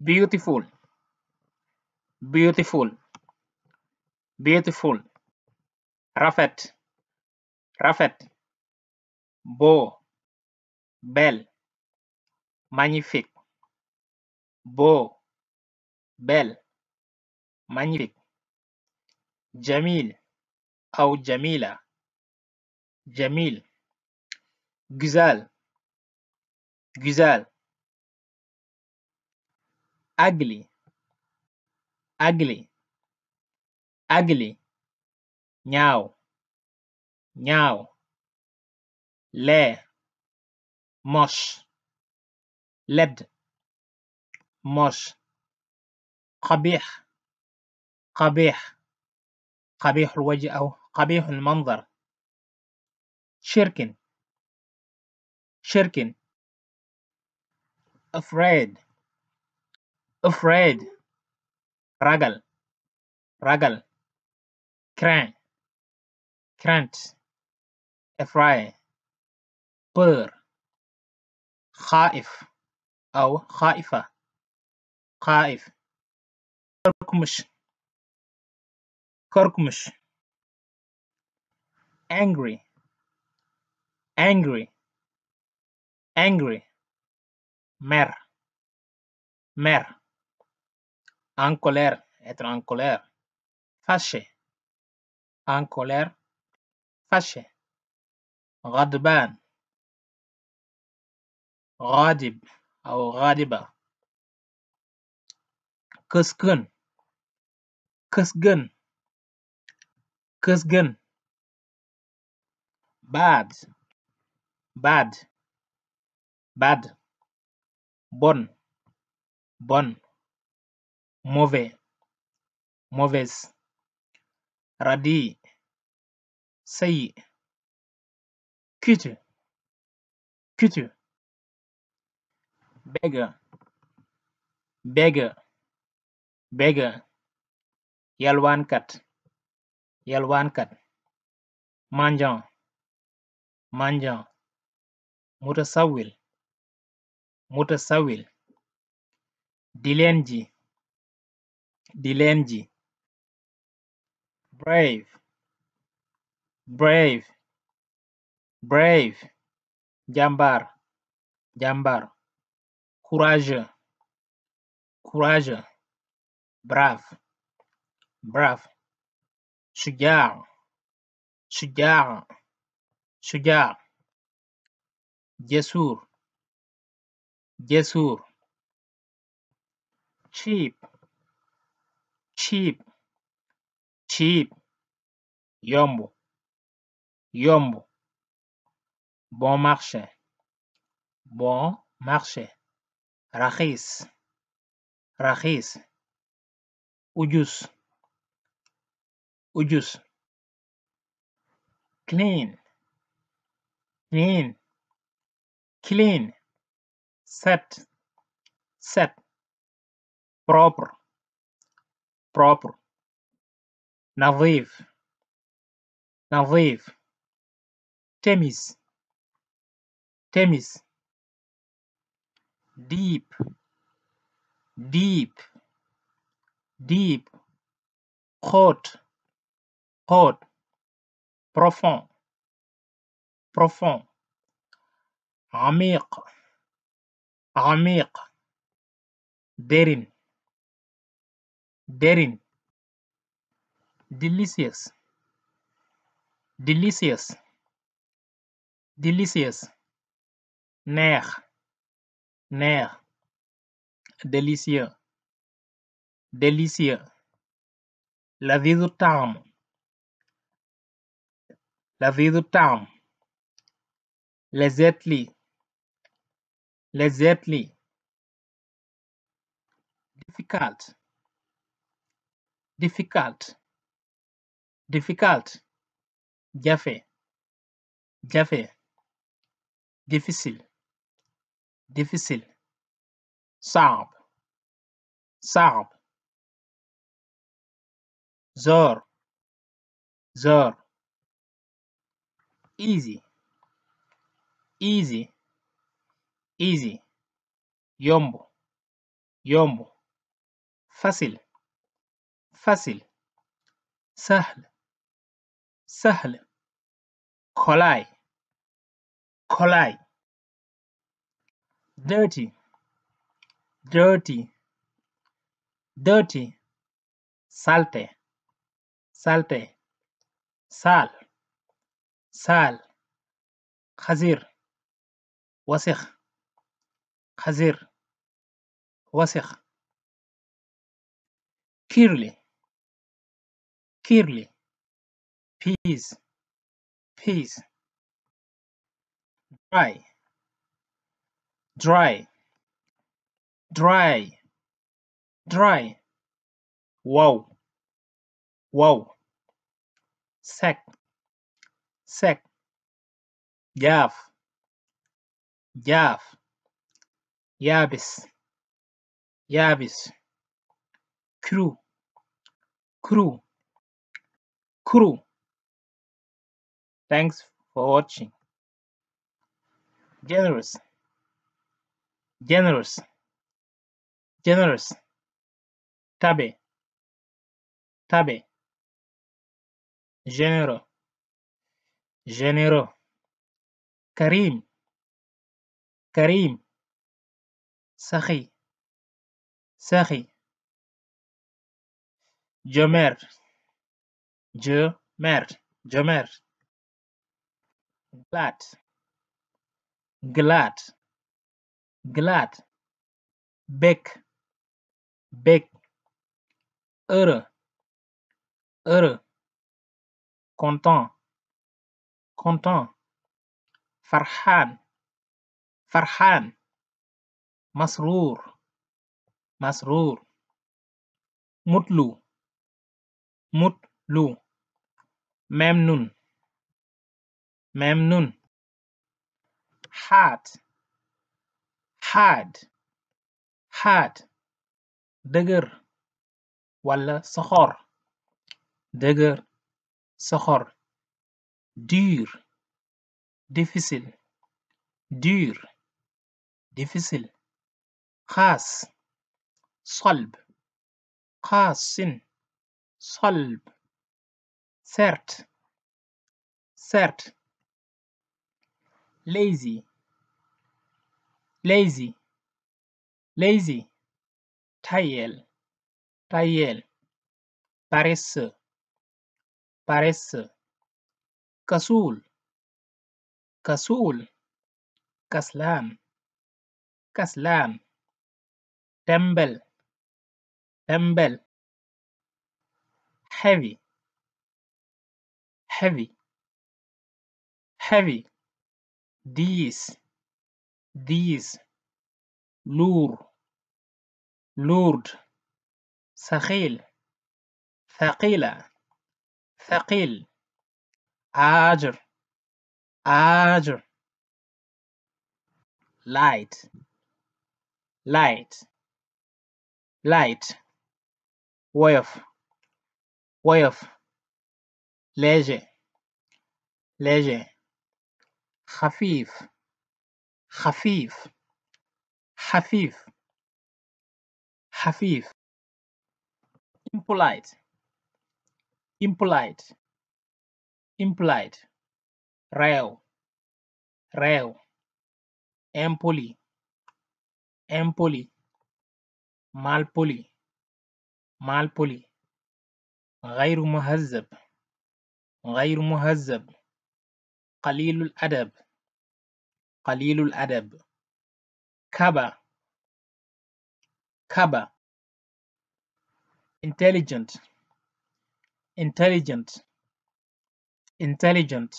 beautiful beautiful beautiful rafet rafet beau belle magnifique beau belle magnifique jamil أو جميلة جميل جزال ugly ugly ugly ñaaw ñaaw lae moche led moche قبيح قبيح قبيح الوجه أو قبيح المنظر شركن شركن afraid afraid ragal ragal crain crainte effrayer peur خائف أو خائفة خائف كركمش كركمش angry angry angry mer mer en colère, être en colère. Fâché, en colère, fâché. غضبان غاضب أو bad bad bad bon bon mauvais, mauvaise, radii, sayyi, kötü, kötü, beggar, beggar, beggar, yalwaankat, yalwaankat, mendiant, mendiant, mutasawwil mutasawwil di di leen ji brave brave brave jàmbaar jàmbaar courageux courageux brave brave shujaa shujaa shujaa cesur cesur cheap cheap cheap yomb yomb bon marché bon marché raxiis raxiis ujus ujus clean clean clean set set propre próprio, navire, navire, temiz, temiz, deep, deep, deep, hot, hot, profond, profond, عميق, عميق, Derin delicious delicious delicious neex neex delicieux délicieux l'avis du temps l'avis du temps lezzetli lezzetli difficult difficult difficult jafe jafe difficile difficile صعب صعب زار زار easy easy easy yomb yomb facile فصل سهل کلاه کلاه dirty dirty dirty salte salte sale sale خزير وسخ خزير وسخ curly kirli peas peas dry dry dry wow wow sec sec jaaf jaaf yaabis yaabis crew crew crew. Thanks for watching. Generous, generous, Tabe, tabe. Généreux, généreux. Karim, Karim. Saxi, saxi. Jomer. Jemer, Jemer. Glad, glad, glad. Bek, bek. Heureux, heureux. Content, content. Farhan, farhan. Masrour, masrour. Mutlu, mut. lu ممنون ممنون hard hard hard dëgër wala soxor dëgër soxor dur difficile dur difficile xaas صلب xaasin صلب Certes. Certes. Lazy. Lazy. Lazy. Tayel. Tayel. Paresseux. Paresseux. Kasoul. Kasoul. Kaslan. Kaslan. Tembel. Tembel. Heavy. heavy heavy diis diis lourd lourde ثقيل ثقيلة ثقيل عاجر عاجر light light light woyof woyof léger لاجئ خفيف خفيف حفيف حفيف impolite impolite impolite réew réew impoli impoli malpoli malpoli غير مهذب غير مهذب قليل الأدب قليل kaba كبا كبا intelligent intelligent intelligent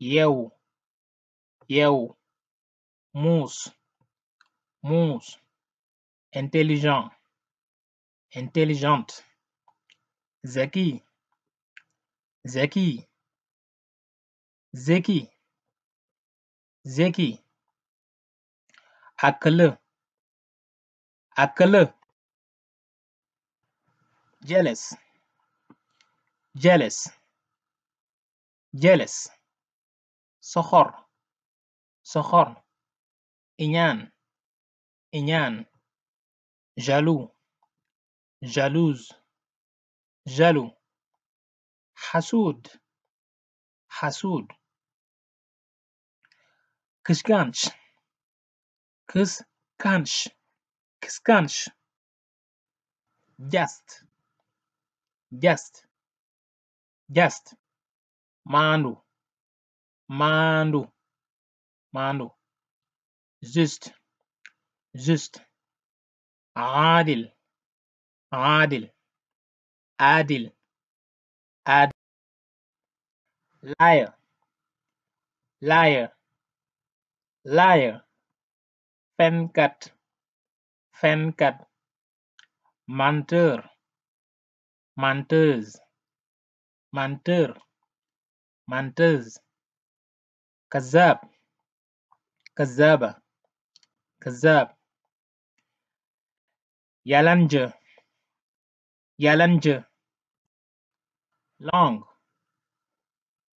yeewu yeewu muus muus intelligent intelligent zeki zeki zeki zeki akıllı akıllı jealous jealous jealous soxor soxor iñaan iñaan jaloux jalouse jaloux xasuud xasuud Kıskanç. Kıskanç. Kıskanç. Just. Just. Just. Mandu. Mandu. Mandu. Just. Just. Adil. Adil. Adil. Adil. Liar. Liar. liar fenkat fenkat menteur manteus menteur menteuse كذاب كذابة كذاب يالنج يالنج long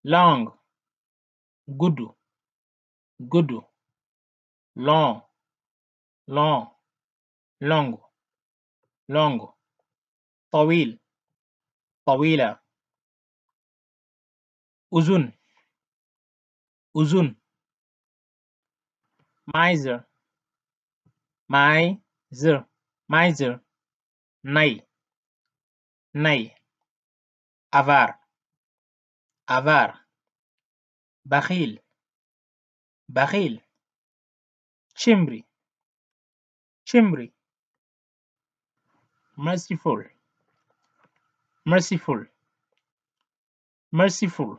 long gudu gudu long, long, long, long, طويل, طويلة, uzun, uzun, miser, miser, miser, nay, nay, avare, avare, بخيل بخيل Chimri, chimri, merciful, merciful, merciful.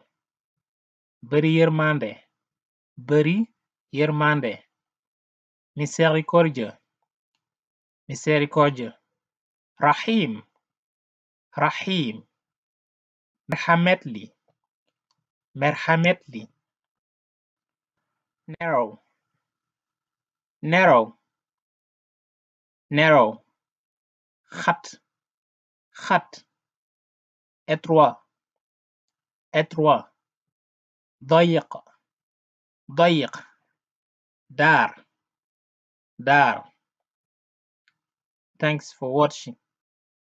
Bari yermande, bari yermande. Miséricordia, miséricordia. Rahim, rahim. Merhametli, merhametli. Narrow, narrow narrow xat xat étroit étroit ضيق ضيق دار دار Thanks for watching.